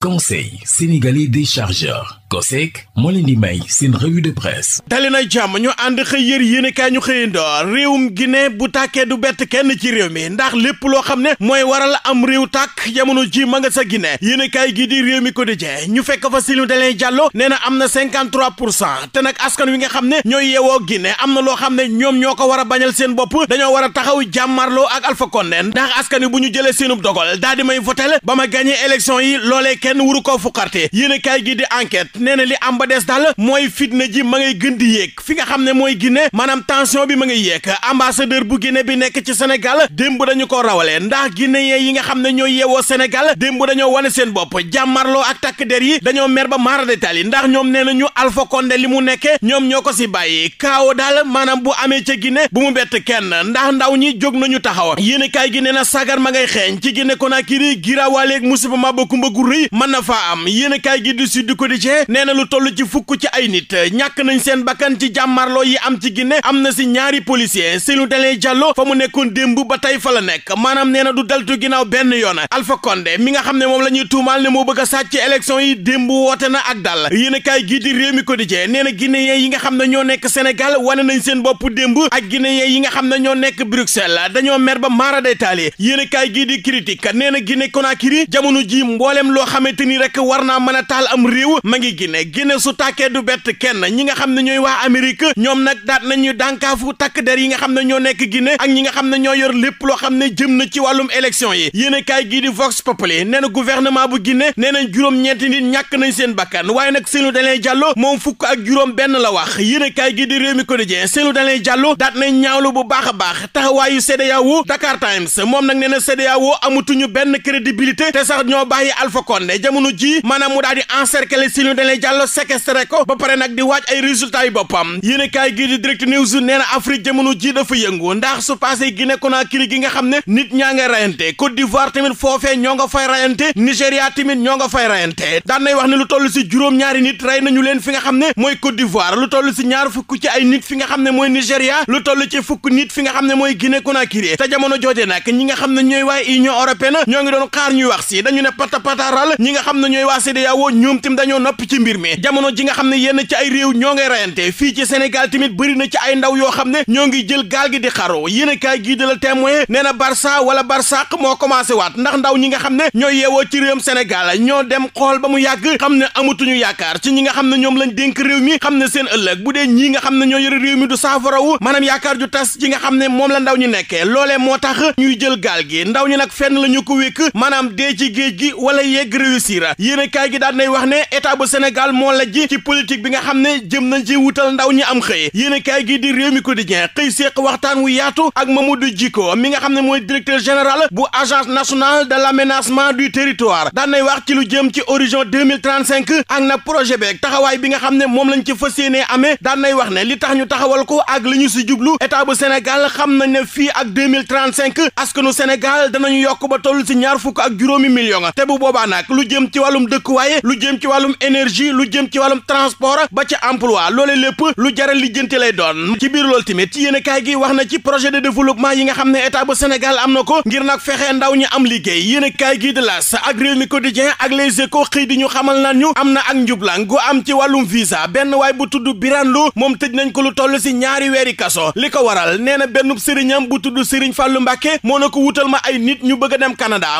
conseil sénégalais des chargeurs COSEC moo leen di may seen revue de presse dali na jàmm ñu ànd xëy yër yéenekaay ñu xëyandoor réewum Guinée bu tàkkee du bett kenn ci réew mi ndax lépp loo xam ne mooy waral am réew tàkk jamono ji ma nga sa Guinée yéenekaay gi di réew mi ko di jee ñu fekk fa Cellou Dalein Diallo nee na am na 53 pour cent te nag askan wi nga xam ne ñooy yeewoo Guinée am na loo xam ne ñoom ñoo ko war a bañal seen bopp dañoo war a taxaw jàmmarloo ak Alpha Condé ndax askan wi bu ñu jëlee seenub dogal kenn wuru koo fuqarte yéen kaay gi di enquête nee na li am ba mooy fitna ji ma ngay gën di yéeg fi nga xam ne mooy Guinée maanaam tension bi ma ngay yéeg ambassadeur bu Guinée bi nekk ci Sénégal démb dañu ko rawale ndax Guinéen yi nga xam ne ñooy yeewoo Sénégal démb dañoo wane seen bopp jàmmarloo ak takk der yi dañoo mer ba maara détail yi ndax ñoom nee na ñu Alpha Condé li mu nekke ñoom ñoo ko si bàyyi kaaw daal maanaam bu amee ca Guinée bu mu bett kenn ndax ndaw ñi jóg nañu taxaw yéen kaay gi nee na sagar ma ngay xeeñ ci Guinée Conakry giraawaleeg musiba ma ba kumba gu mën na faa am yéenekaay gi di Sud Quotidien nee na lu toll ci fukk ci ay nit ñàkk nañ seen bakkan ci jàmmarloo yi am ci Guinée am na si ñaari policier Cellou dalee Diallo fa mu nekkoon démb ba tey fala nekk maanaam nee na du daltu ginnaaw benn yoon Alpha Condé mi nga xam ne moom la ñuy tuumaal ne moo bëgg a sàcc élection yi démb woote na ak dal yéenekaay gi di Rewmi Quotidien nee na guinéen yi nga xam ne ñoo nekk Sénégal wane nañ seen bopp démb ak guinéen yi nga xam ne ñoo nekk Bruxelles dañoo mer ba maara day taali yéenekaay di critique nee na Guinée Conakry jamono ji mbooleem loo xam xamante ni rek war naa mën a taal am réew ma ngi Guinée Guinée su tàkkee du bett kenn ñi nga xam ne ñooy waa Amérique ñoom nag daat nañu dànkaafu takk der yi nga xam ne ñoo nekk Guinée ak ñi nga xam ne ñoo yor lépp loo xam ne jëm na ci wàllum élection yi yéen kaay gii di Vox Populi nee na gouvernement bu Guinée nee na juróom-ñeenti nit ñàkk nañ seen bakkan waaye nag Cellou Dalein Diallo moom fukk ak juróom benn la wax yéen kaay gii di Rewmi Quotidien Cellou Dalein Diallo daat nañ ñaawlu bu baax a baax taxawaayu CEDEAO Dakar Times moom nag nee na CEDEAO amatuñu benn crédibilité te sax ñoo bàyyi Alpha Condé jamono ji maanaam mu daal di encercler Cellou Dalein Diallo séquestré ko ba pare nag di waaj ay résultats yu boppam yéen kaay gii di direct news nee na Afrique jamono ji dafa yëngu ndax su passé Guinée Conakry gi nga xam ne nit ñaa nga rayante Côte d'Ivoire tamit foofee ñoo nga fay rayante Nigéria tamit ñoo nga fay rayante daan nay wax ne lu toll si juróom-ñaari nit rey nañu leen fi nga xam ne mooy Côte d'Ivoire lu toll si ñaar fukk ci ay nit fi nga xam ne mooy Nigéria lu toll ci fukk nit fi nga xam ne mooy Guinée Conakry te jamono jooje nag ñi nga xam ne ñooy waaye Union ñoo ngi doon xaar ñuy wax si dañu ñi nga xam ne ñooy waa CEDEAO ñoom tim dañoo noppi ci mbir mi jamono ji nga xam ne yenn ci ay réew ñoo ngay rayante fii ci Sénégal tamit bëri na ci ay ndaw yoo xam ne ñoo ngi jël gaal gi di xaro yéen a kaay gii de la témoin nee na Barça wala Barsaq moo commencé waat ndax ndaw ñi nga xam ne ñooy yeewoo ci réewum Sénégal ñoo dem xool ba mu yàgg xam ne amatuñu yaakaar ci ñi nga xam ne ñoom lañ dénk réew mi xam ne seen ëllëg bu dee ñi nga xam ne ñoo yore réew mi du saafarawu maanaam yaakaar ju tas ji nga xam ne moom la ndaw ñu nekkee loole moo tax ñuy jël gaal gi ndaw ñi nag fenn la ñu ko wékk maanaam dee ci géej gi wala yegg réew réussir yéen a kaay gi daan nay wax ne état bu Sénégal moo lajj ci politique bi nga xam ne jëm nañ ci wutal ndaw ñi am xëy yéen a kaay gi di réew mi quotidien xëy séeq waxtaan wu yaatu ak Mamadou Djiko mi nga xam ne mooy directeur général bu agence nationale de l'aménagement du territoire daan nay wax ci lu jëm ci horizon 2035 ak na projet beeg taxawaay bi nga xam ne moom lañ ci fas yéenee amee daan nay wax ne li tax ñu taxawal ko ak li ñu si jublu état bu Sénégal xam nañ ne fii ak 2035 askanu Sénégal danañu yokk ba toll si ñaar fukk ak juróomi million te jëm ci wàllum dëkkuwaay lu jëm ci wàllum énergie lu jëm ci wàllum transport ba ca emploi loolee lépp lu jaral lijjanti lay doon ci biir loolu tamit ci yéenekaay gi wax na ci projet de développement yi nga xam ne état bu Sénégal am na ko ngir nag fexe ndaw ñi am liggéey yéenekaay gi de las ak réew mi quotidien ak les échos xëy di ñu xamal na ñu am na ak njublang gu am ci wàllum visa benn waay bu tudd Birane Lo moom tëj nañ ko lu toll si ñaari weeri kaso li ko waral nee na benn sëriñam bu tudd Sëriñ Fàllu Mbàkke moo na ko wutal ma ay nit ñu bëgg a dem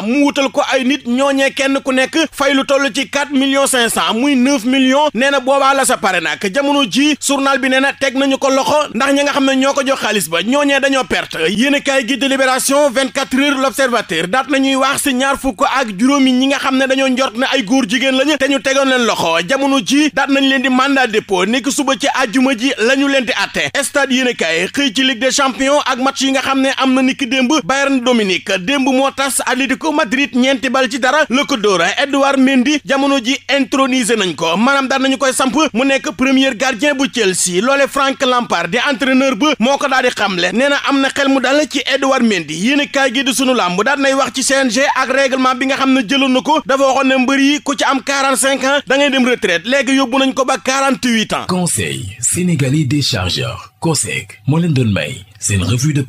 mu wutal ko ay nit ñooñee kenn ku nekk nekk fay lu toll ci quatre millions cinq cent muy neuf millions neena na la sa pare nag jamono ji journal bi nee na teg nañu ko loxo ndax ñi nga xam ne ñoo ko jox xaalis ba ñoo ñee dañoo perte yéen gi de Libération vingt quatre heures l'Observateur daat nañu wax si ñaar fukk ak juróomi ñi nga xam ne dañoo njort ne ay góor jigéen lañu te ñu tegoon leen loxo jamono ji daat nañ leen di mandat dépôt nekk suba ci àjjuma ji la leen di atte stade yéen a kaay xëy ci Ligue des champions ak match yi nga xam ne am na niki démb Bayern Dominique démb moo tas Atlético Madrid ñeenti bal ci dara la ko Edouard Mendy jamono ji intronisé nañ ko maanaam daan nañu koy samp mu nekk premier gardien bu Chelsea loole Frank Lampard di entraîneur ba moo ko daal di le nee na am na xel mu dal ci Edouard Mendy yéen kaay gi di sunu làmb daan nay wax ci CNG ak règlement bi nga xam ne jëloon na ko dafa waxoon ne mbër yi ku ci am quarante cinq ans da ngay dem retraite léegi yóbbu nañ ko ba quarante huit ans. Conseil sénégalais des chargeurs COSEC moo leen doon may seen revue de